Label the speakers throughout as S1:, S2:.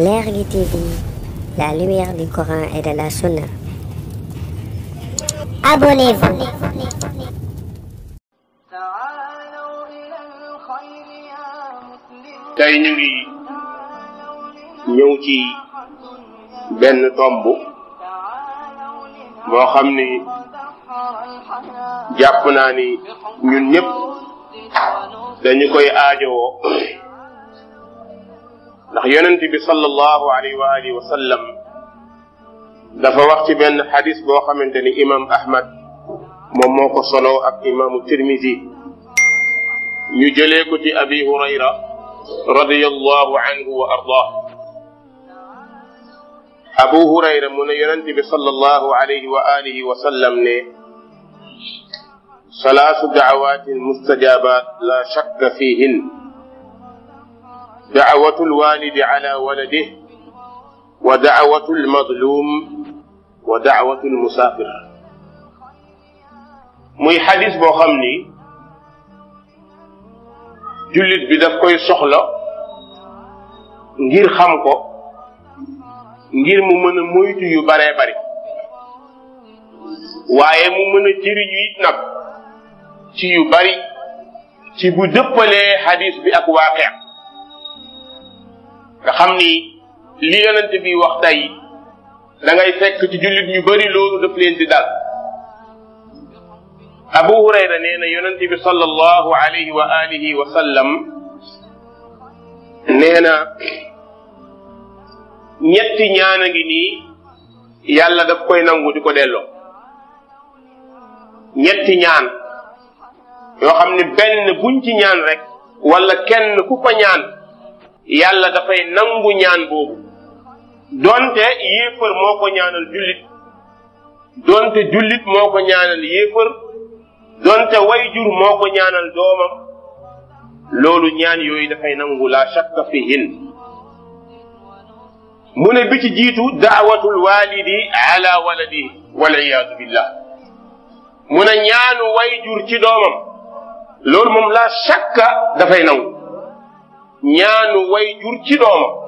S1: L'Ergue TV, la lumière du Coran et de la Sunna. Abonnez-vous. Taïnoui, ñu Ben Tombo, ci Japonani, tomb boo xam ndax yonent bi sallallahu alayhi wa alihi wa sallam dafa wax ci benn xadis boo xamante ni imam ahmad moom moo ko solo ak imaamu tirmisi ñu jëlee ko ci abi hurayra radiyallahu anhu wa ardah abu hurayra mu ne yonent bi sallallahu alayhi wa alihi wa sallam ne salaasu daawatin mustajabat la shakka fihin دعوة الوالد على ولده ودعوة المظلوم ودعوة المسافر muy xadis boo xam ni jullit bi daf koy soxla ngir xam ko ngir mu mën a moytu yu baree bari waaye mu mën a jëriñu it nag ci yu bari ci bu dëppalee xadis bi ak waaqee xam ni li yonent bi wax tey da ngay fekk ci jullit ñu bëri loolu daf leen di dal abu hurayra nee na yonent bi sallallahu alayhi wa alihi wa sallam ñetti ñaan a ngi nii yàlla daf koy nangu di ko delloo ñetti ñaan yoo xam ne benn buñ ci ñaan rek wala kenn ku ko ñaan yàlla dafay nangu ñaan boobu donte yéefar moo ko ñaanal jullit donte jullit moo ko ñaanal yéefar donte wayjur moo ko ñaanal doomam loolu ñaan yooyu dafay nangu la shakka fihin mu ne bi ci jiitu daawatul walidi ala waladi waliyadu billah mu ne ñaanu wayjur ci doomam loolu moom la shakka dafay nangu ñaanu wayjur ci doomam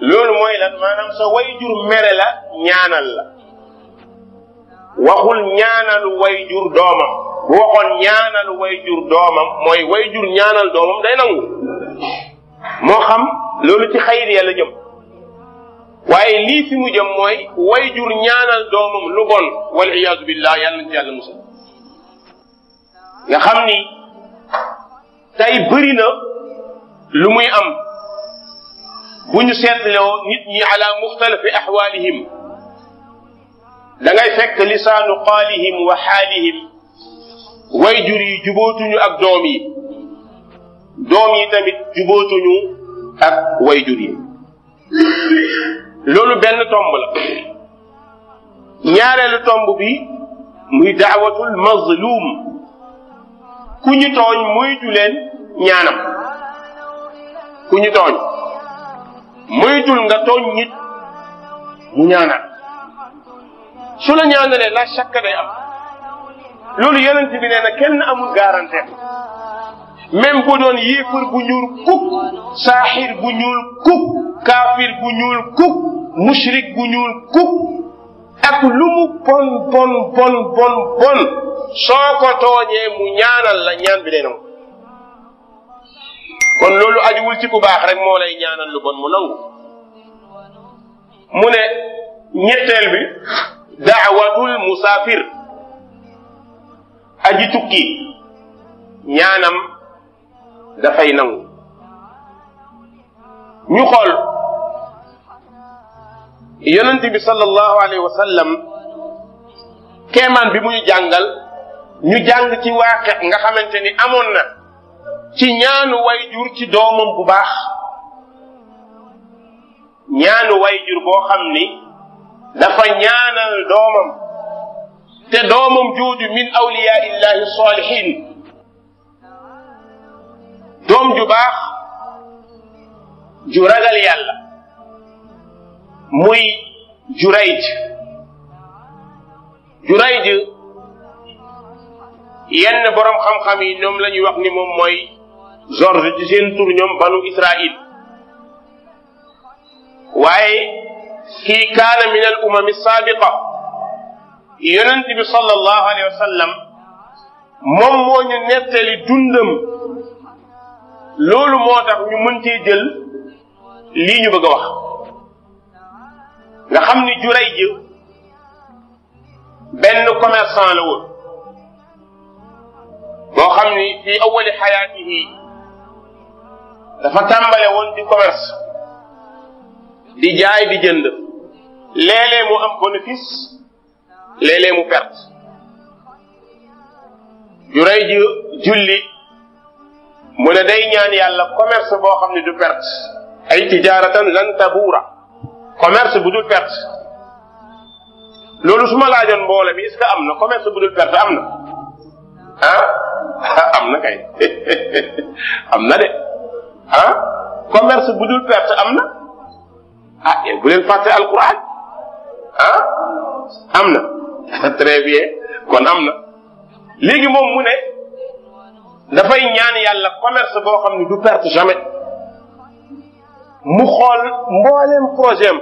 S1: loolu mooy lan maanaam sa wayjur mere la ñaanal la waxul ñaanal wayjur doomam bu waxoon ñaanal wayjur doomam mooy wayjur ñaanal doomam day nangu moo xam loolu ci xayir yàlla jëm waaye lii fi mu jëm mooy wayjur ñaanal doomam lu bon wal iyaasu billah yàlla nañ ci yàlla musal nga xam ni tey bëri na لمي أم بني سيد لو نتني على مختلف أحوالهم لغاي فك لسان قالهم وحالهم ويجري جبوتن أك دومي دومي تمت جبوتن أك ويجري لولو بن تومبلا نياري لتومب بي مي دعوة المظلوم كوني تون موي جولين نيانم ku ñu tooñ dul nga tooñ nit mu ñaanal su la ñaanalee la chakka day am loolu yonent bi nee na kenn amul garantie même bu doon yéefar bu ñuul kuk saaxir bu ñuul kuk kaafir bu ñuul kuk mushrik bu ñuul kuk ak lu bon bon bon bon soo ko tooñee mu ñaanal la ñaan bi day nangu kon loolu ajuwul ci ku baax rek moo lay ñaanal lu bon mu nangu mu ne ñetteel bi daawatul musafir aji tukki ñaanam dafay nangu ñu xool yonent bi sallallahu alayhi wa sallam keemaan bi muy jàngal ñu jàng ci waaqe nga xamante ni amoon na ci ñaanu wayjur ci doomam bu baax ñaanu wayjur boo xam ni dafa ñaanal doomam te doomam jooju min awliyaa illahi saalihin doom ju baax ju ragal yàlla muy jurayj jurayj yenn boroom xam-xam yi ñoom la ñuy wax ni moom mooy George ci seen tur ñoom banu Israil waaye ki kaana min al umami sabiqa yonent bi sallallahu alayhi wa sallam moom moo ñu nettali dundam loolu moo tax ñu mën cee jël lii ñu bëgg a wax nga xam ni juray ji benn commerçant la woon boo xam ni fii awali xayaatihi dafa tàmbale woon di commerce di jaay di jënd léeg-léeg mu am bénéfice léeg-léeg mu perte yu rey ju julli mu ne day ñaan yàlla commerce boo xam ne du perte ay tijaaratan lan tabuura commerce bu dul perte loolu su ma laajoon mboole bi est-ce que am na commerce bu dul perte am na ah am na kay am na de ah commerce bu dul perte am na ah bu leen fàtte alquran han am na très bien kon am na léegi moom mu ne dafay ñaan yàlla commerce boo xam ne du perte jamais mu xool mboolem projet am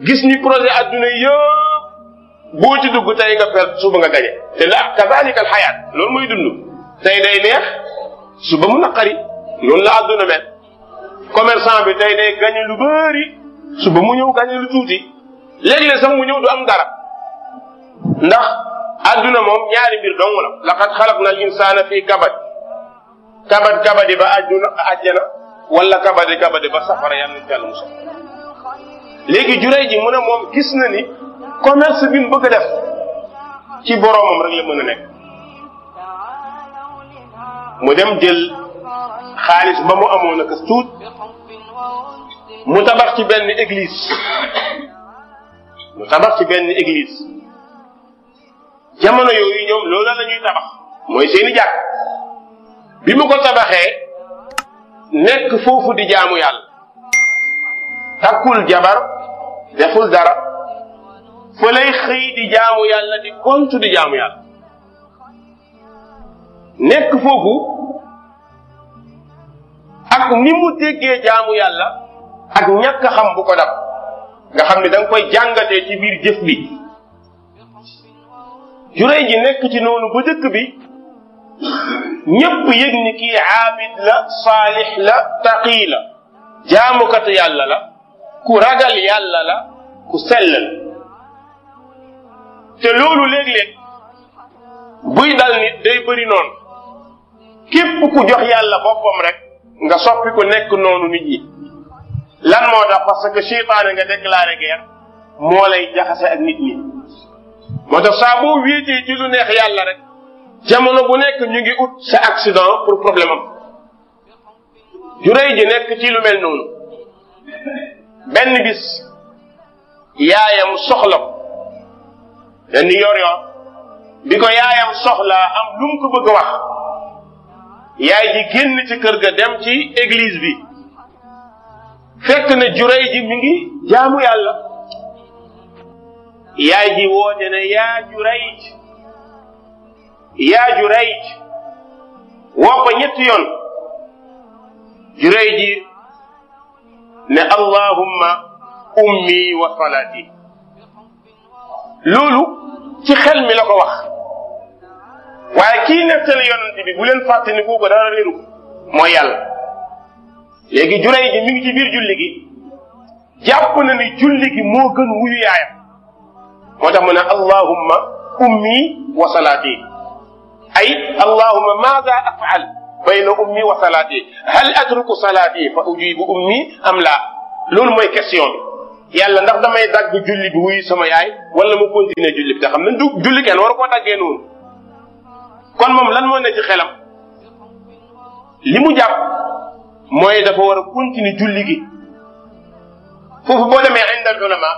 S1: gis ni projet adduna yëpp boo ci dugg tey nga perte suba nga gañe te la kazalika alxayaat loolu mooy dund tey day neex suba mu naqari loolu la àdduna mel commerçant bi tey day gagné lu bëri suba mu ñëw gagné lu tuuti léeg-léeg sax mu ñëw du am dara ndax àdduna moom ñaari mbir dong la laqad xalaq na al insana fi kabad kabad kabadi ba àdduna àjjana wala kabadi kabadi ba safara yàlla nañ jàll musa léegi juray ji mu ne moom gis na ni commerce bi mu bëgg def ci boromam rek la mën a nekk mu dem jël xaalis ba mu amoon ak tuut mu tabax ci benn église mu tabax ci benn église jamono yooyu ñoom loolu la ñuy tabax mooy seeni jàkk bi mu ko tabaxee nekk foofu di jaamu yàlla takkul jabar deful dara fa lay xëy di jaamu yàlla di kontu di jaamu yàlla nekk foofu ak ni mu déggee jaamu yàlla ak ñàkk xam bu ko dab nga xam ne da koy jàngatee ci biir jëf bi juree ji nekk ci noonu ba dëkk bi ñépp yëg ni kii aabid la saalix la taqi la jaamukatu yàlla la ku ragal yàlla la ku sell la te loolu léeg-léeg buy dal nit day bëri noonu képp ku jox yàlla boppam rek nga soppi ko nekk noonu nit ñi lan moo tax parce que seytaane nga déclaré guerre moo lay jaxase ak nit ñi moo tax saa boo ci lu neex yàlla rek jamono bu nekk ñu ngi ut sa accident pour problème am ju rëy ji nekk ci lu mel noonu benn bis yaayam soxla ko benn yor am lu mu ko bëgg yaay ji génn ci kër ga dem ci église bi fekk na juray ji mi ngi jaamu yàlla yaay ji woote ne yaa juray ji yaa woo ko ñetti yoon juray ji ne allahumma ummi wa salaati loolu ci xel mi la ko wax waaye kii nettali yonent bi bu leen fàtte ni kooku dara réeru ko mooy yàlla léegi jurey ji mi ngi ci biir julli gi jàpp na ni julli gi moo gën wuyu yaayam moo tax mu ne allahumma ummi wa salaati ay allahumma maa afal bayna ummi wa salaati hal atruku salaati fa ujibu ummi am laa loolu mooy question bi yàlla ndax damay dagg julli bi wuyu sama yaay wala mu continuer julli bi te xam ne du julli kenn waru koo daggee noonu kon moom lan moo ne ci xelam li mu jàpp mooy dafa war a continuer julli gi foofu boo demee indal ulama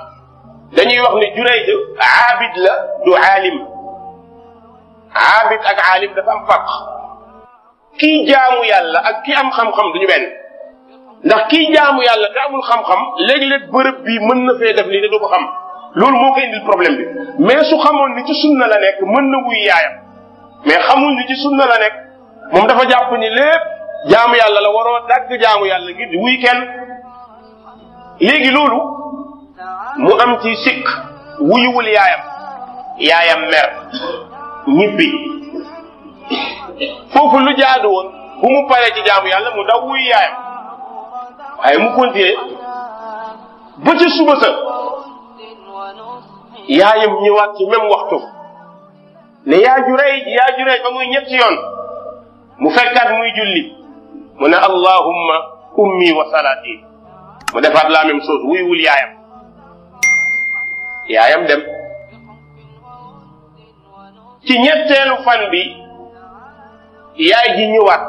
S1: dañuy wax ni juray Jurayj aabid la du aalim aabid ak aalim dafa am fàq kii jaamu yàlla ak kii am xam-xam duñu benn ndax kii jaamu yàlla te amul xam-xam léeg-léeg bërëb bi mën na fee def lii te du ko xam loolu moo koy indil problème bi mais su xamoon ni ci sunna la nekk mën na wuy yaayam mais xamul ni ci la nekk moom dafa jàpp ni lépp jaamu yàlla la waroo dagg jaamu yàlla gi di wuy kenn léegi loolu mu am ci sikk wuyuwul yaayam yaayam mer ñibbi foofu lu jaadu woon bu mu paree ci jaamu yàlla mu daw wuy yaayam waaye mu continuer ba suba sa yaayam ñëwaat ci même waxtu ne yaa jureej yaa jureej ba muy ñetti yoon mu fekkaat muy julli mu ne allahumma ummi wa salaati mu defaat la même wuy wul yaayam yaayam dem ci ñetteelu fan bi yaay ji ñëwaat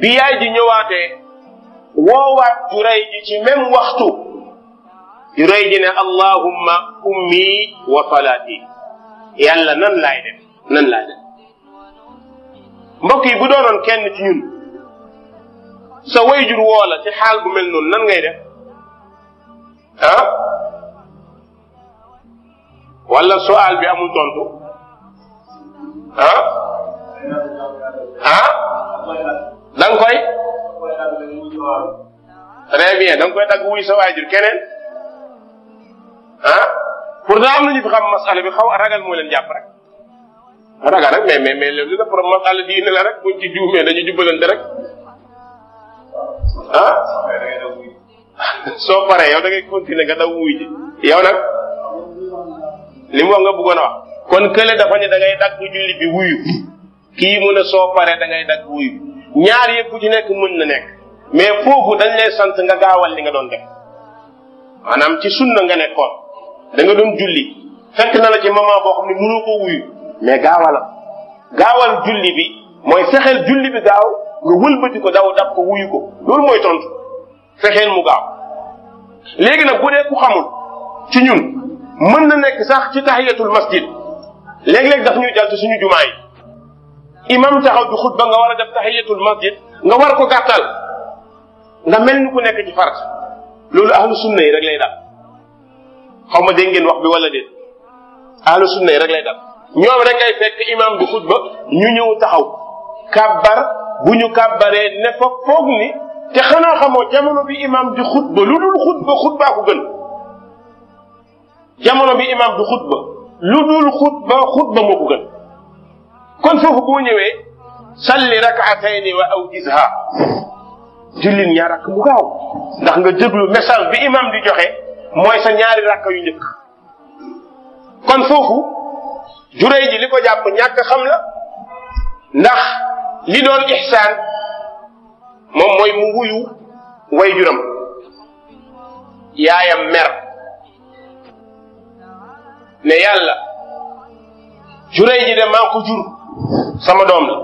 S1: bi yaay ji ñëwaatee woowaat juray ci même waxtu juray ne allahumma ummi wa salaati yàlla nan laay def nan laay def mbokk yi bu doonoon kenn ci ñun sa wayjur ci xaal bu mel nan ngay def ah wala soal bi amul tontu ah ah da koy très bien koy dagg wuy sa keneen ah pourtant am na ñu fi xam masala bi xaw a ragal moo leen jàpp rek ragal rek mais mais mais léegi nag pour masala diine la rek buñ ci juumee dañu jubbalante rek ah soo paree yow da ngay continuer nga daw wuy ji yow nag li mu wax nga bëggoon kon kële dafa ne da ngay dagg julli bi wuyu kii mu ne soo paree da ngay dagg wuyu ñaar yëpp bu ci nekk mën na nekk mais foofu dañ lay sant nga gaawal li nga doon def maanaam ci sunna nga nekkoon da doon julli fekk na la ci moment boo xam ne mënoo koo wuyu mais gaawal gaawal julli bi mooy fexeel julli bi gaaw nga wëlbati ko daw dab ko wuyu ko loolu mooy tontu fexeel mu gaaw léegi nag bu dee ku xamul ci ñun mën na nekk sax ci tahiyatul masjid léeg-léeg daf ñuy jàll ci suñu jumaa yi imam taxaw di xutba nga war a def tahiyatul masjid nga war ko gàttal nga mel ni ku nekk ci fart loolu ahlu sunna yi rek lay dal xawma ma dégg ngeen wax bi wala déet ahlu sunna yi rek lay dal ñoom rek ngay fekk imam bi xutba ñu ñëw taxaw kàbbar bu ñu kàbbaree ne fa foog ni te xanaa xamoo jamono bi imam di xutba lu dul xutba xutbaa ko gën jamono bi imam di xutba lu dul xutba xutba moo ko gën kon foofu bu ñëwee salli rakaatayni wa awjizha jullin ñaar ak mu gaaw ndax nga déglu message bi imam di joxe mooy sa ñaari rakka yu njëkk kon foofu juréy ji li ko jàpp ñàkk xam la ndax li doon ixsaan moom mooy mu wuyu way juram yaayam mer ne yàlla juréy ji de maa ko jur sama doom la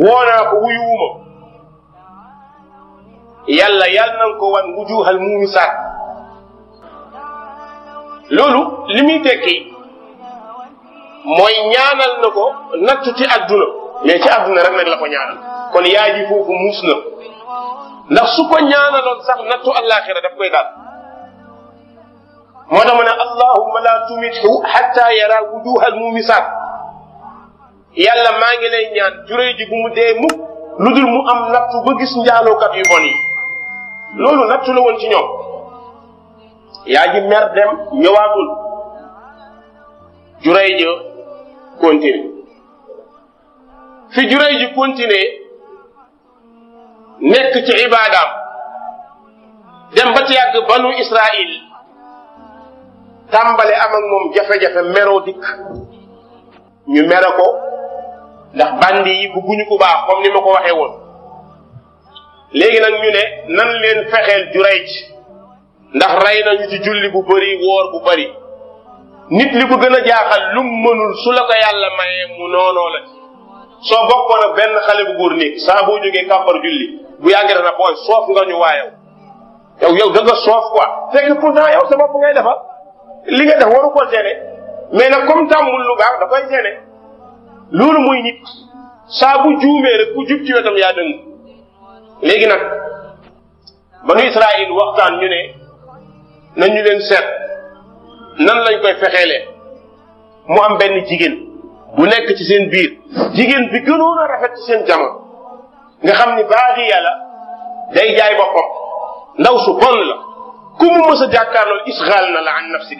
S1: woonaa ko wuyuwuma yàlla yàlla na ko wan wujuhal muumu saat loolu li muy tekki mooy ñaanal na ko nattu ci adduna mais ci adduna rek nag la ko ñaanal kon yaay ji foofu muus na ndax su ko ñaanaloon sax nattu àllaaxira daf koy daal moo tax mu ne allahumma laa tumithu hatta yara wujuhal muumu saat yàlla maa ngi lay ñaan juree ji bu mu dee mukk lu dul mu am nattu ba gis njaalookat yu bon yi loolu nattu la woon ci ñoom yaa ji mer dem ñëwaatul juray ja continué fi juray ji continué nekk ci ibaadaam dem ba ci yàgg banu Israil tàmbale am ak moom jafe-jafe meroo dikk ñu mere ko ndax bandi yi bugguñu ku baax comme ni ma ko waxee woon léegi nag ñu ne nan leen fexeel Jurayj ndax rey nañu ci julli bu bëri woor bu bëri nit li ko gën a jaaxal lum mënul su la ko yàlla mayee mu noonoo soo bokkoon a benn xale bu góor néeg saa boo jógee kàppar julli bu yàggee dana booy soof nga ñu waayow yow yow da nga soof quoi fekk pourtant yow sa bopp ngay defal li nga def waru ko gêné mais nag comme tàmmul lu gaaw da koy gêné loolu muy nit saa bu ku jub ci wetam yaa dëng léegi nag banu israil waxtaan ñu ne nañ ñu leen seet nan lañ koy fexeele mu am benn jigéen bu nekk ci seen biir jigéen bi gënoon a rafet ci seen jamono nga xam ni baaxi yàlla day jaay boppam ndaw su bon la ku mu mës a jàkkaarlool isxaal na la an nafsi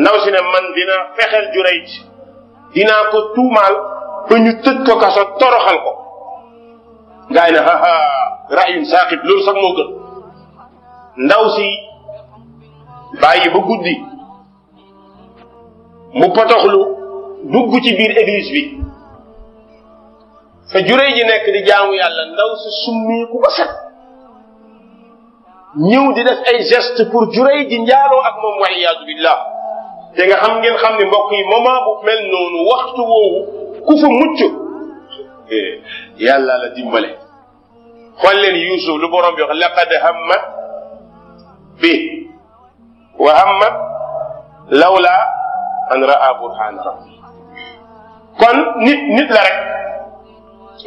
S1: ndaw si ne man dinaa fexeel jurayj dinaa ko tuumaal ba ñu tëj ko kaso toroxal ko gaa yi ne ha ha rayun saaqit loolu sax moo gën ndaw si bàyyi ba guddi mu potoxlu dugg ci biir église bi te juree ji nekk di jaamu yàlla ndaw si summeeku ba set ñëw di def ay geste pour juree ji njaaloo ak moom wal iyaadu billah te nga xam ngeen xam ne mbokk yi moment bu mel noonu waxtu woowu ku fa eh, yàlla dimbale xool leen Yuusuf lu borom bi laqad hamma bi wa hamma lawla an raa burhaan rabbi kon nit nit la rek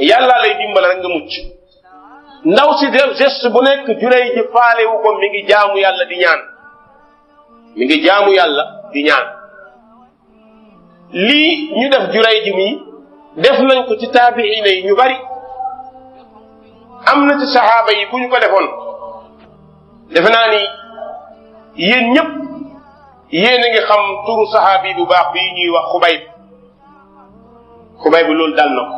S1: yàlla lay dimbale rek nga mucc ndaw si def geste bu nekk jurey faale wu ko mi ngi jaamu yàlla di ñaan mi ngi jaamu yàlla di ñaan lii ñu def jurey ji def nañ ko ci taabiina yi ñu bari am na ci saxaaba yi bu ñu ko defoon defe naa ni yéen ñëpp yéen a ngi xam turu saxaabi bu baax bii ñuy wax xubayb xubayb loolu dal na ko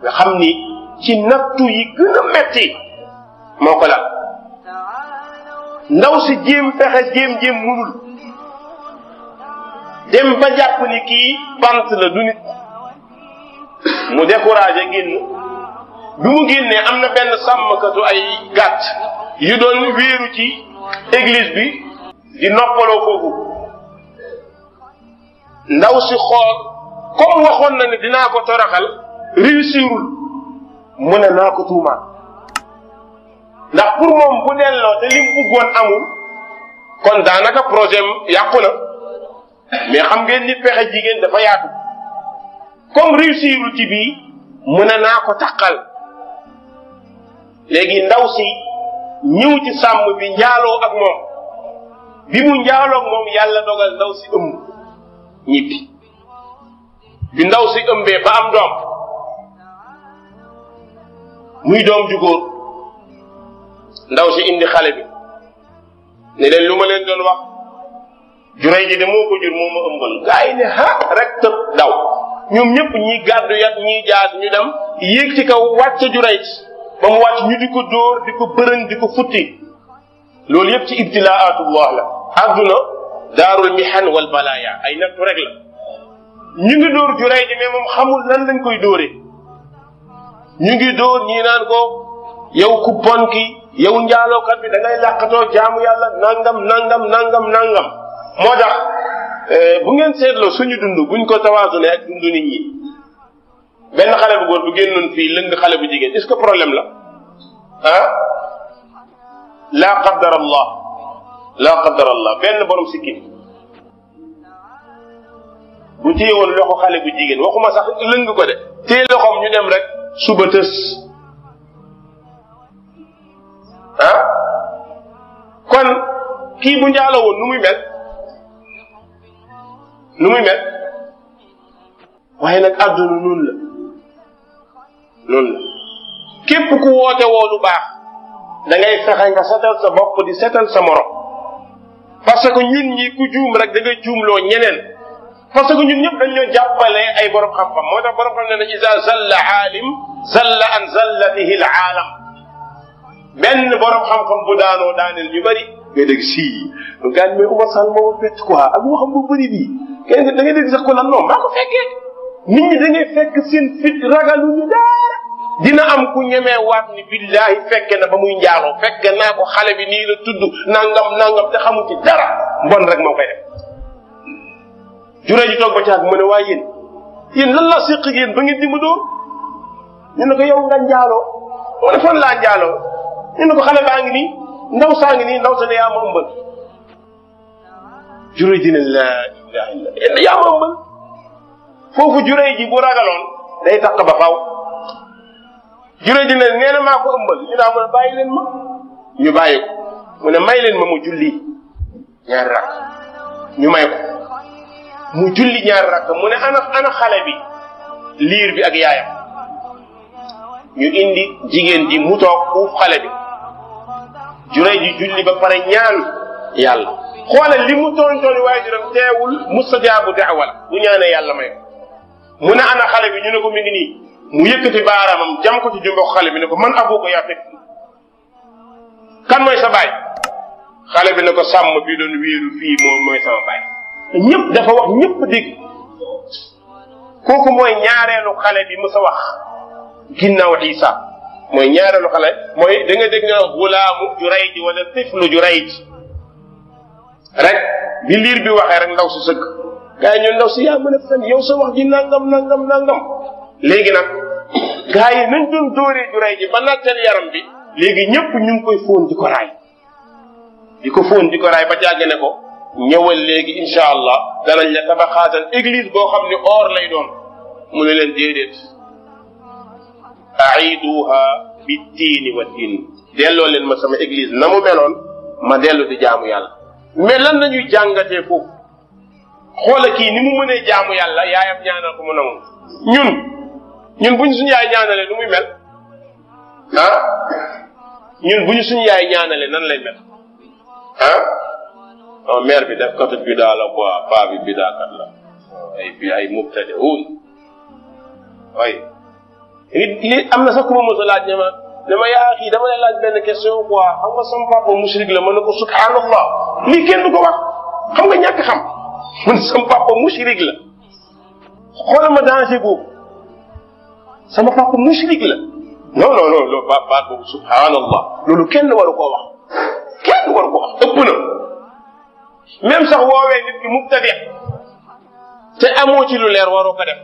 S1: nga xam ni ci nattu yi gën a metti moo ko lal ndaw si jéem pexe jéem jéem munul dem ba jàpp ni kii bant la du nit mu découragé génn bi mu génnee am na benn sàmmkatu ay gàtt yu doon wéeru ci église bi di noppaloo foofu ndaw si xool comme waxoon na ne dinaa ko toraxal réussirul mu ne naa ko tuumaat ndax pour moom bu delloo te li mu bëggoon amul kon daanaka projet yàqu na mais xam ngeen ni pexe jigéen dafa yaatu. comme réussirul ci bii mu ne naa ko taqal léegi ndaw si ñëw ci sàmm bi njaaloo ak moom bi mu njaaloo ak moom yàlla dogal ndaw si ëmb ñibbi bi ndaw si ëmbee ba doom muy doom ju ndaw si indi xale bi ne leen lu ma leen doon wax jurey ji de moo ko jur moo ma ëmbal gaa ne ha rek tëb daw ñoom ñëpp ñi gàddu yat ñi jaas ñu dem yéeg ci kaw wàcc Jurayj ba mu wàcc ñu di ko dóor di ko bërëñ di ko futti loolu yëpp ci ibtilaatullah la àdduna daarul mihan wal balaya ay nattu rek la ñu ngi dóor Jurayj mais xamul lan lañ koy dóoree ñu ngi dóor ñii naan ko yow ku bon ki yow kat bi da ngay jaamu yàlla nangam nangam nangam nangam moo tax Eh, bu ngeen seetloo suñu dund buñ ko tawaasune ak dund nit ñi benn xale bu góor bu génnoon fii lëng xale bu jigéen est que problème la ah laa qaddar allah laa qaddar allah benn borom sikkin bu téye woon loxo xale bu jigéen waxuma sax lëng ko de téye loxoom ñu dem rek suba tës ah kon kii bu njaaloo woon nu muy mel nu muy mel waaye nag àdduna noonu la noonu la képp ku woote woo lu baax da ngay fexe nga setal sa bop di setal sa morom parce que ñun ñi ku joom rek da nga joom lo ñeneen parce que ñun ñep dañ ñoo jàppale ay borom xam-xam moo tax borom xam na iza zalla alim zalla an zallatihi l aalam benn borom xam-xam bu daano daanel ñu bari ngay deg si gaan mais Oumar Sall mo fet quoi ak waxam bu bari bi kenn da ngay dégg sax maa ko fekkee nit ñi da fekk seen fit ragalu ñu daara dina am ku ñemee waat ni billahi fekke na ba muy njaaloo fekk naa ko xale bi nii la tudd nangam nangam te xamu ci dara mbon rek moo koy def juree ji toog ba caag mu ne waa yéen yéen lan laa séq ba ngeen di ma dóor ñu ko yow nga njaaloo mu fan laa njaaloo ñu ne ko xale baa ngi nii ndaw saa ngi nii ndaw sa ne yaa ma ëmbal juróomi laa ilaaha illa yaa ma mën foofu juróomi ji bu ragaloon day tax ba faaw juróomi ne nee na maa ko ëmbal ñu naa ma bàyyi leen ma ñu bàyyi mu ne may ma mu julli ñaari rakk ñu may mu julli ñaari rakk mu ne ana ana xale bi liir bi ak yaayam ñu indi jigéen ji mu toog uuf xale bi juróomi ji julli ba pare ñaan yàlla. xoolal li mu doon doon waajuram teewul mustajaabu daawa la bu ñaane yàlla may mu ne ana xale bi ñu ne ko mi ngi nii mu yëkkati baaraamam jam ko ci jumbo xale bi ne ko man abu ko yaa fekk kan mooy sa baay xale bi ne ko sàmm bi doon wéeru fii moom mooy sama baay ñëpp dafa wax ñëpp dégg kooku mooy ñaareelu xale bi mu sa wax ginnaaw Isa mooy ñaareelu xale mooy da nga dégg nga gulaamu jurayji wala tiflu jurayji rek bi liir bi waxee rek ndaw si sëgg gars yi ñun ndaw si yaa mën a fen sa wax ji nangam nangam nangam léegi nag gars yi nañ doon dóoree ju rey ji ba naajteel yaram bi léegi ñëpp ñu ngi koy fóon di ko raay di ko fóon di ko raay ba jàgg ko ñëwal léegi incha allah danañ la tabaxaatal église boo xam ni or lay doon mu ne leen déedéet aiduha bi tiini wa tiini delloo leen ma sama église na mu meloon ma dellu di jaamu yàlla mais lan la ñuy jàngatee foofu xoola kii ni mu mënee jaamu yàlla yaayam ñaanal ko mu nangu ñun ñun bu ñu suñu yaay ñaanalee nu muy mel ah ñun bu ñu suñu yaay ñaanalee nan lay mel ah non bi def katu bidaa la quoi paa bi bidaa kat la ay bi ay am na sax ku ma mos ne ma yaa xii dama lay laaj benn question quoi xam nga sama musrik la ma ne ko subhanallah lii kenn du ko wax xam nga ñàkk xam man sama papa la ma danger boobu sama papa musrik la non non non loolu baat baat boobu subhanallah loolu kenn waru koo wax kenn waru koo wax ëpp na même sax woowee nit ki mubtadi te amoo ci lu leer waroo ko def.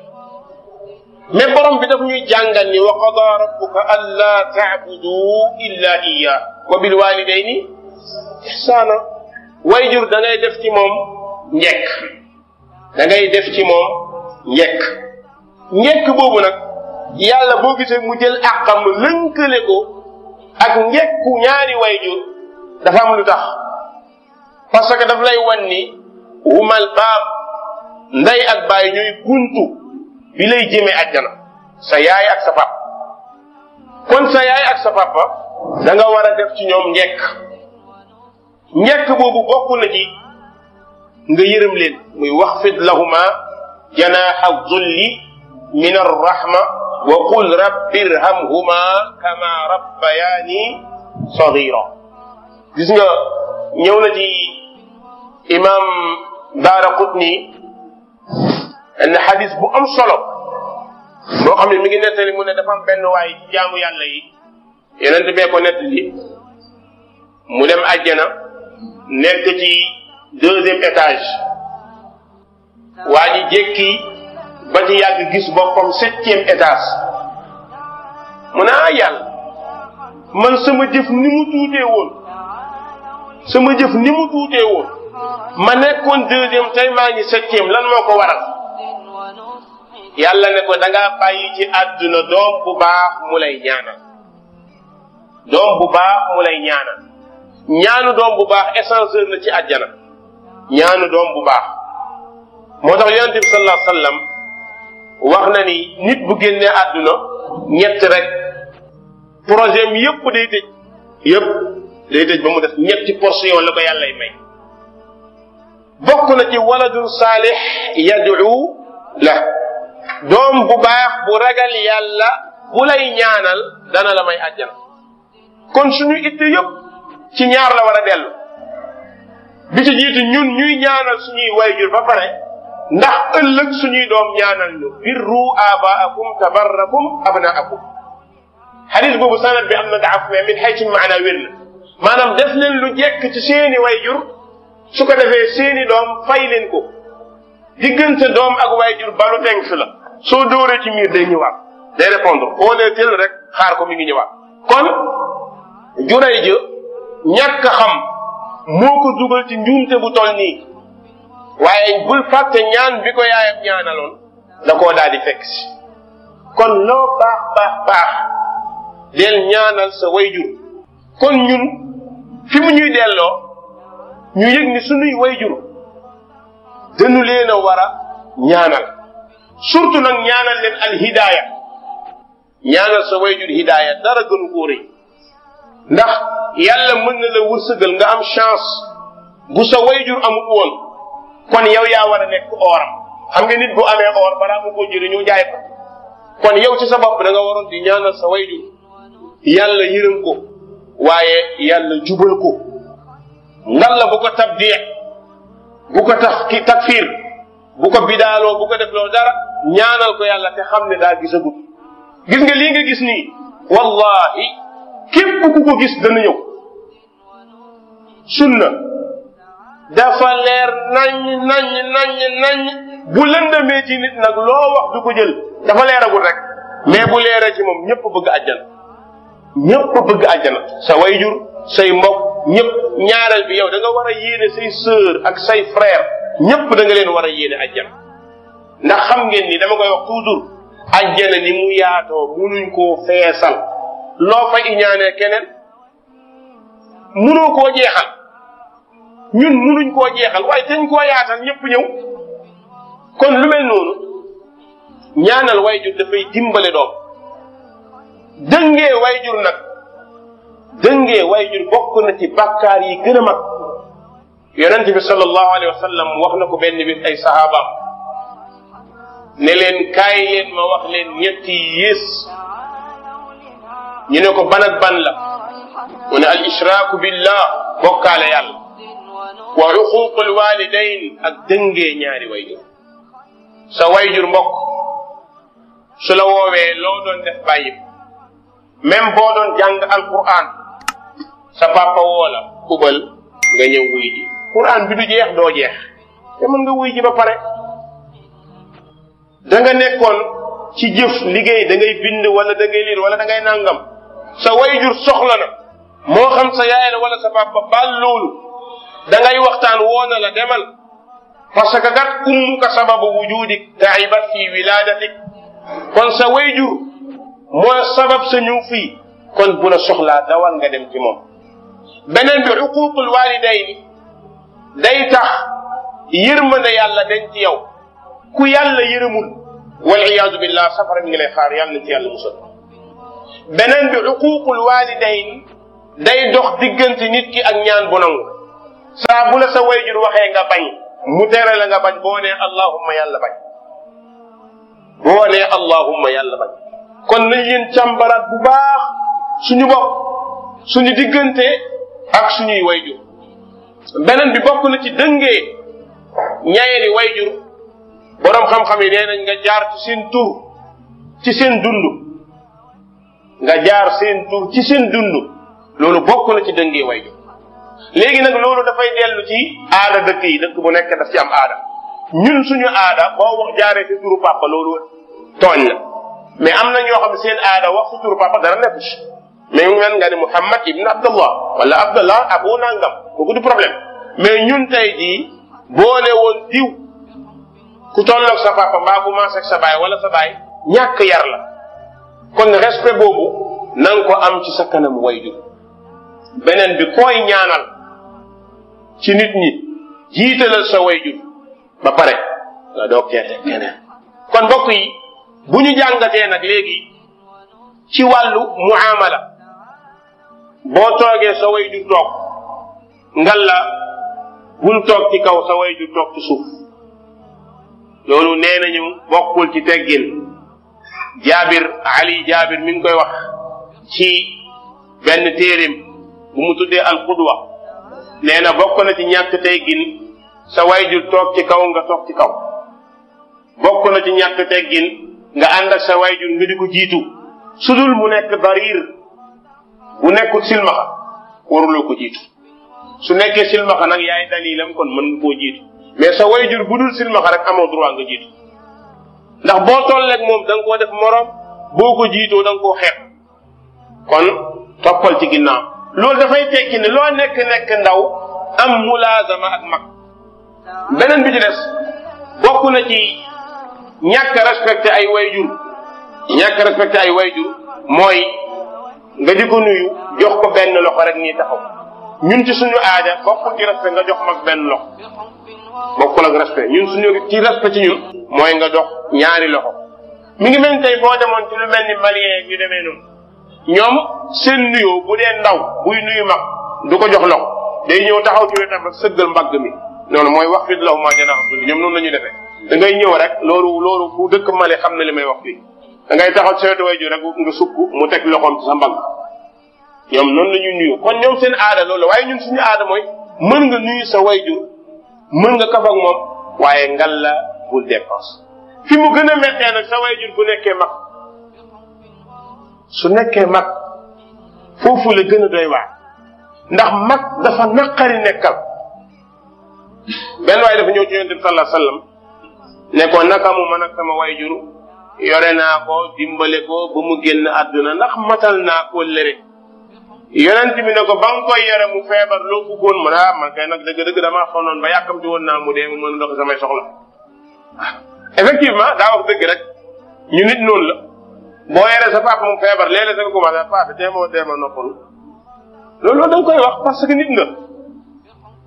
S1: mais borom bi daf ñuy jàngal ni wa qada rabbuka alla taabudu illa iya wa bil walidayni ihsana wayjur da ngay def ci moom njekk da ngay def ci moom njekk njekk boobu nag yàlla boo gisee mu jël àqam lënkale ko ak njekku ñaari way dafa am lu tax parce que daf lay wan ni wumal baab ak baay ñooy buntu bi lay jëmee àjjana sa yaay ak sa pap kon sa yaay ak sa papa da nga war a def ci ñoom njekk njekk boobu bokk na ci nga yërëm leen muy waxfid lahuma janaaxa zulli min arrahma wa qul rabbi irhamhuma kama rabbayaani sagira gis nga ñëw na ci imam daara qutni benn xadis bu am solo boo xam ne mi ngi nettali mu ne dafa am benn waay ci jaamu yàlla yi yeneen bee ko nettali mu dem àjjana nekk ci deuxième étage waa ji jékki ba ci yàgg gis boppam septième étage mu ne ah yàlla man sama jëf ni mu tuutee woon sama jëf ni mu tuutee woon ma nekkoon deuxième tey maa ngi septième lan moo ko waral. yàlla ne ko da ngaa bàyyi ci aduna doom bu baax mu lay ñaanal doom bu baax mu lay ñaanal ñaanu doom bu baax essentiel na ci aljana ñaanu doom bu baax motax tax bi sallallahu alayhi wasallam wax na ni nit bu génnee aduna ñett rek projet mi yépp day tëj yépp day tëj ba mu def ñetti portion la ko yàllay may bokk na ci waladun salih yadu doom bu baax bu ragal yàlla bu lay ñaanal dana la may àjjana kon suñu itte yépp ci ñaar la war a dellu bi ci jiitu ñun ñuy ñaanal suñuy wayjur ba pare ndax ëllëg suñuy doom ñaanal ñu birru abaakum tabarrakum abnaakum xadis boobu sanad bi am na daaf mais min xaytu maana wér na maanaam def leen lu jekk ci seeni wayjur su ko defee seeni doom fay leen ko diggante doom ak wayjur balu teng la soo dóoree ci miir day ñëwaat day répondre boo nee teel rek xaar ko mi ngi ñëwaat kon junay jë ñàkk xam moo ko dugal ci njuumte bu toll nii waaye bul fàtte ñaan bi ko yaayam ñaanaloon da koo daal di fekk si kon loo baax baax baax del ñaanal sa wayjur kon ñun fi mu ñuy delloo ñu yëg ni sunuy wayjur dañu leen a war ñaanal surtout nag ñaanal leen al hidaaya ñaanal sa wayjur hidaaya dara gënu ko ndax yàlla mën na la wërsëgal nga am chance bu sa wayjur amul woon kon yow yaa war nekk ooram xam nga nit bu amee oor balaa mu ko jëriñoo jaay ko kon yow ci sa bopp da nga waroon di ñaanal sa wayjur yàlla yërëm ko waaye yàlla jubal ko ngal bu ko tabdiye bu ko tax takfiir bu ko bidaaloo bu ko defloo dara ñaanal ko yàlla te xam ne daa gisagut gis nga lii nga gis nii wallahi képp ku ko gis dana ñëw sunna dafa leer nañ nañ nañ nañ bu lëndamee ci nit nag loo wax du ko jël dafa leeragul rek mais bu leeree ci moom ñëpp bëgg àjjana ñëpp bëgg àjjana sa way wayjur say mbokk ñëpp ñaareel bi yow da nga war say sœur ak say frère ñëpp da nga leen war a yéene àjjana ndax xam ngeen ni dama koy wax toujours ajjana ni mu yaatoo munuñ koo feesal loo fa iñaanee keneen munoo koo jeexal ñun munuñ koo jeexal waaye dañ koo yaatal ñëpp ñëw kon lu mel noonu ñaanal wayjur dafay dimbale doom dëngee wayjur nag dëngee wayjur bokk na ci bàkkaar yi gën a mag yonente bi sallallahu alayhi wa sallam wax na ko benn bi ay sahabaam ne leen kaay leen ma wax leen ñetti yées ñu ne ko ban ak ban la mu ne al ishraaku billah bokkaale yàlla wa uquuq al ak dëngee ñaari wayjur sa wayjur mbokk su la woowee loo doon def bàyyi même boo doon jàng alquran sa papa woo la ubal nga ñëw wuy ji bi du jeex doo jeex te mën nga wuy ba pare da nga nekkoon ci jëf liggéey da ngay bind wala da liir wala da ngay nàngam sa wayjur soxla na moo xam sa wala sa papa baal loolu da ngay waxtaan woona la demal parce que gat ummuka sababu wujudik taibat fi wiladatik kon sa wayjur moo sabab sa ñëw kon bu la soxlaa dawal nga dem ci moom beneen bi xuququl walidayn day tax yërmande yàlla dañ ci yow ku yàlla yërëmul wal iyaadu billah safara mi ngi lay xaar yàlla na ci yàlla musal beneen bi uququl walidayn day dox diggante nit ki ak ñaan bu nangu saa bu la sa wayjur waxee nga bañ mu tere la nga bañ boo nee allahumma yàlla bañ boo nee allahumma yàlla bañ kon nañ leen càmbaraat bu baax suñu bopp suñu diggante ak suñuy wayjur beneen bi bokk na ci dëngee ñaari wayjur boroom xam-xam yi nee nañ nga jaar ci seen tur ci seen dund nga jaar seen ci seen dund loolu bokk na ci dëngi way léegi nag loolu dafay dellu ci aada dëkk yi dëkk bu nekk daf ci am aada ñun suñu aada boo wax jaaree ci turu papa loolu tooñ la mais am na ñoo xam ne seen aada wax ci turu papa dara nekku ci mais mu mel nga ni Muhammad ibn Abdullah wala Abdullah abu nangam kooku du problème mais ñun tey jii boole woon diw ku tolloog sa papa mbaa bu maase ak wala sa baay ñàkk yar la kon respect boobu na ko am ci sa kanam wayjur beneen bi koy ñaanal ci nit ñi jiitalal sa wayjur ba pare nga doog cee teg kon mbokk bu ñu jàngatee nag léegi ci wàllu muamala boo toogee sa wayjur toog ngal la bul toog ci kaw sa wayjur toog ci suuf loolu neena nañu bokkul ci teggin jaabir ali jaabir mi ngi koy wax ci benn téerim bu mu tuddee alxudwa nee na bokk na ci ñàkk teggin sa wayjur toog ci kaw nga toog ci kaw bokk na ci ñàkk teggin nga ànd sa wayjur nga di ko jiitu su dul mu nekk bariir bu nekkul silmaxa waruloo ko jiitu su nekkee silmaxa nag yaay dalilam kon mën nga koo jiitu mais sa wayjur bu dul silmaxa rek amoo droit nga jiitu ndax boo tolleeg moom da koo def moroom boo ko jiitoo da nga koo xeeb kon toppal ci ginnaaw loolu dafay tekki ne loo nekk nekk ndaw am mulaazama ak mag beneen bi ci des bokk na ci ñàkk respecté ay wayjur ñàkk respecté ay wayjur mooy nga di ko nuyu jox ko benn loxo rek nii taxaw. ñun ci suñu aada bokkul ci respect nga jox mag benn loxo bokkul ak respect ñun suñu ci respect ci ñun mooy nga jox ñaari loxo mi ngi mel tey boo demoon ci lu ñoom seen nuyoo bu dee ndaw buy nuyu mag du ko jox loxo day ñëw taxaw ci wetam ba sëggal mbagg mi noonu mooy wax fit law maa janaax dund ñoom noonu la ñu defee da ngay ñëw rek loolu loolu bu dëkk male xam na li may wax bi da ngay taxaw ci wetu way ju rek nga sukk mu teg loxoom ci sa mbagg ñoom noonu la ñuy nuyu kon ñoom seen aada loolu waaye ñun suñu aada mooy mën nga nuyu sa wayjur mën nga kaf moom waaye ngal la bul dépense fi mu gën a mettee nag sa wayjur bu nekkee mag su nekkee mag foofu la gën a doy waar ndax mag dafa naqari nekkal benn waaye dafa ñëw ci yonent bi sallallahu alayhi wasallam ne ko yore naa ko dimbale ko ba mu génn àdduna ndax matal naa ko lëre yonent bi ne ko ba koy yore mu feebar loo bëggoon mu ne ah man kay nag dëgg-dëgg damaa xonnoon ba yàkkamti woon naa mu dee mu mën a dox samay soxla ah, effectivement daa wax dëgg rek ñu nit noonu la boo yore sa papa mu feebar léeg-léeg da nga commencé ah, papa deemoo deema noppalu loolu da nga koy wax parce que nit nga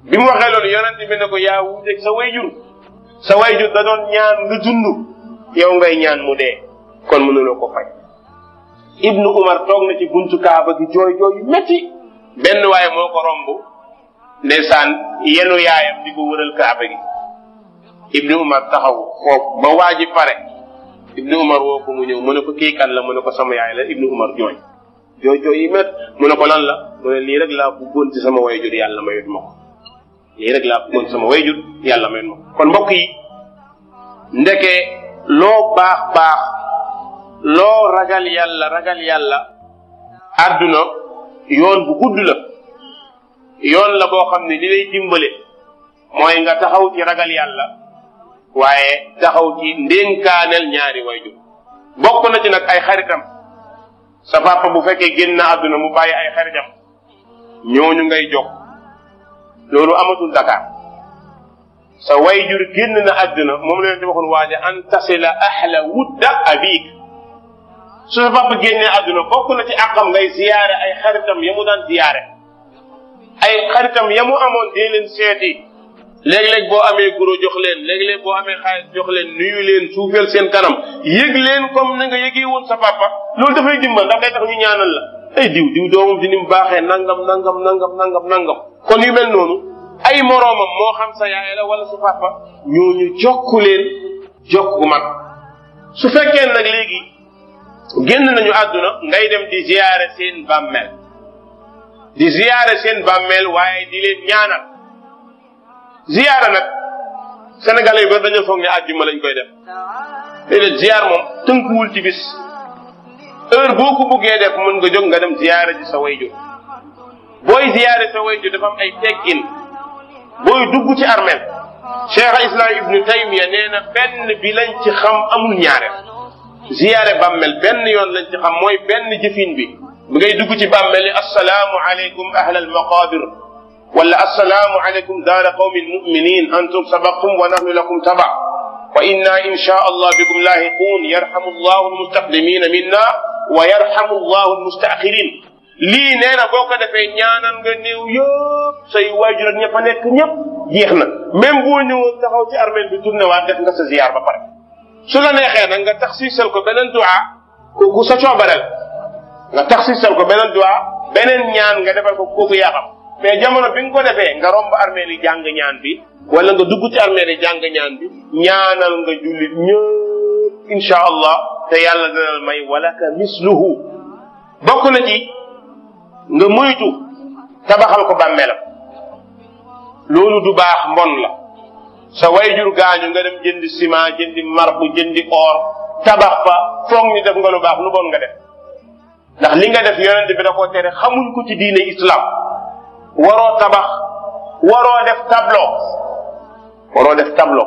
S1: bi mu waxee loolu yonent bi ne ko yaa wuuteeg sa wayjur sa wayjur da doon ñaan lu dund yow ngay ñaan mu dee kon mënuloo ko fay ibnu Umar toog na ci buntu Kaaba gi jooy jooy yu benn waaye moo ko romb ndeysaan yenu yaayam di ko wëral Kaaba gi ibnu Umar taxaw xoog ba waa ji pare ibnu Umar woo ko mu ñëw mu ko kii kan la mu ko sama yaay la ibnu Umar jooy jooy jooy yu métti mu ko lan la mu ne lii rek laa bëggoon ci sama wayjur yàlla mayut ma ko lii rek laa bëggoon sama wayjur yàlla mayut ma kon mbokk yi ndeke loo baax baax. loo ragal yàlla ragal yàlla àdduna yoon bu gudd la yoon la boo xam ne li lay dimbale mooy nga taxaw ci ragal yàlla waaye taxaw ci ndénkaaneel ñaari wayjur bokk na ci nag ay xaritam sa papa bu fekkee génn na àdduna mu bàyyi ay xaritam ñooñu ngay jokk loolu amatul Dakar sa wayjur génn na àdduna moom la leen di waxoon waaja an tasila ahla wudda abik su sa papa génnee àdduna bokk na ci àqam ngay ziyaare ay xaritam ya mu daan ziyaare ay xaritam ya mu amoon dee leen seeti léeg-léeg boo amee guro jox leen léeg amee xaalis jox leen nuyu leen suufeel seen kanam yëg leen comme na nga yëgee woon sa papa loolu dafay dimbal ndax day tax ñu ñaanal la ay diw diw doomam di ni mu baaxee nangam nangam nangam nangam kon yu mel noonu ay moroomam moo xam sa yaay la wala sa papa ñooñu jokku leen jokku mag su fekkee nag léegi. génn nañu àdduna ngay dem di ziyaare seen bàmmeel di ziyaare seen bàmmeel waaye di leen ñaanal ziyaara nag sénégalais yu bari dañoo foog ne àjjuma lañ koy def léeg ziyaar moom tënkuwul ci bis heure boo ko buggee def mën nga jóg nga dem ziyaare ji sa wayjur booy ziyaare sa wayjur dafa ay teggin booy dugg ci armeel Cheikh Islam Ibnu Taymiya nee na benn bi ci xam amul ñaareel ziyaare bàmmel benn yoon lañ ci xam mooy benn jëfin bi bi ngay dugg ci bàmmel yi assalaamu aleykum ahla almaqabir wala assalaamu aleykum daara qawmin muminin antum sabaqtum wa nahnu lakum taba wa inna insha allah bikum laahiquun yarhamu allahu almustaqdimina minna wa yarhamu allahu almustaaxirin lii nee na boo ko defee ñaanal nga néew yëpp say waajur ak ña fa nekk ñëpp jeex na même boo ñëwoon taxaw ci armeel bi tourné waat def nga sa ziyaar ba pare su la neexee nag nga taxsisal ko beneen dua kooku sa coobare la nga taxsisal ko beneen dua beneen ñaan nga defal ko kooku yaa xam mais jamono bi nga ko defee nga romb armée li jàng ñaan bi wala nga dugg ci armée li jàng ñaan bi ñaanal nga jullit ñëpp insha allah te yàlla dana la may walaka misluhu bokk na ci nga moytu tabaxal ko bàmmeelam loolu du baax mbon la sa wayjur gaañu nga dem jëndi ciment jëndi marbu jëndi or tabax fa foog ni def nga lu baax lu bon nga def ndax li nga def yonente bi da koo tere xamuñ ko ci diine islam waroo tabax waroo def tablo waroo def tablo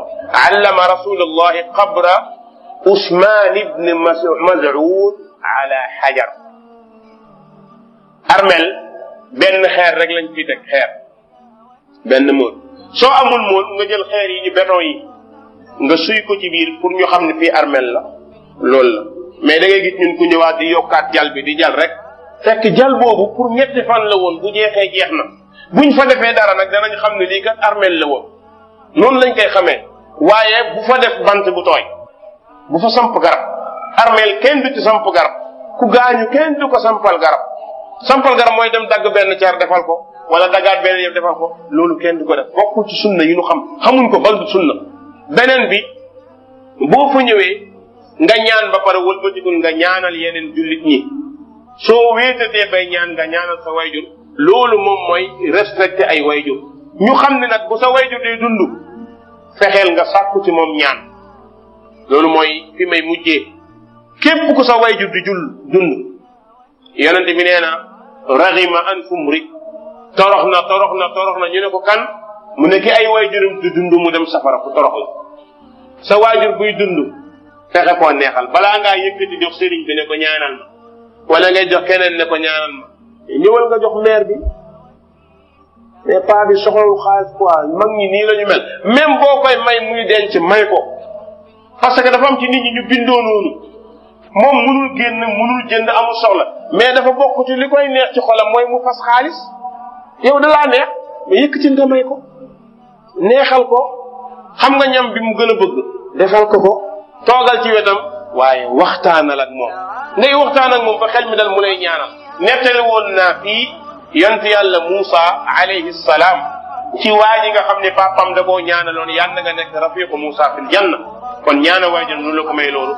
S1: allama rasulullahi qabra usman ibn maz'un ala hajar armel benn xeer rek lañ fi teg xeer benn mur soo amul mool nga jël xeer yi ñu béton yi nga suy ko ci biir pour ñu xam ne fii armeel la loolu la mais da ngay gis ñun ku ñëwaat di yokkaat jal bi di jal rek fekk jal boobu pour ñetti fan la woon bu jeexee jeex na buñ fa defee dara nag danañ xam ne lii kat armeel la woon noonu lañ koy xamee waaye bu fa def bant bu tooy bu fa samp garab armel kenn du samp garab ku gaañu kenn du ko sampal garab sampal garab mooy dem dagg benn car defal ko wala dagaat beneen yow defal ko loolu kenn du ko def bokkul ci sunna yi ñu xam xamuñ ko ba sunna beneen bi boo fa ñëwee nga ñaan ba pare wëlbatikul nga ñaanal yeneen jullit ñi soo wéetatee bay ñaan nga ñaanal sa wayjur loolu moom mooy respecté ay wayjur ñu xam ne nag ko sa wayjur day dund fexeel nga sàkku ci moom ñaan loolu mooy fi may mujjee képp ku sa wayjur di jull dund yonente bi nee na raxima an fumri torox na torox na torox na ñu ne ko kan mu ne ki ay waajuram di dund mu dem safara ku torox la sa waajur buy dund fexe ko neexal balaa ngaa yëkkati jox sëriñ bi ne ko ñaanal ma wala ngay jox keneen ne ko ñaanal ma ñëwal nga jox maire bi mais pas bi soxlawul xaalis quoi mag ñi nii la ñu mel même boo koy may muy denc may ko parce que dafa am ci nit ñu bindoo noonu moom munul génn munul jënd amul soxla mais dafa bokk ci li koy neex ci xolam mooy mu fas xaalis yow da laa neex mais yëkkati nga may ko neexal ko xam nga ñam bi mu gën a bëgg defal ko ko toogal ci wetam waaye waxtaanal ak moom ngay waxtaan ak moom ba xel mi dal mu lay ñaanal nettali woon naa fii yonent yàlla Moussa alayhi salaam ci waa ji nga xam ne papam da koo ñaanaloon yàlla nga nekk rafiqu Moussa fil janna kon ñaana waay jël nu la ko may loolu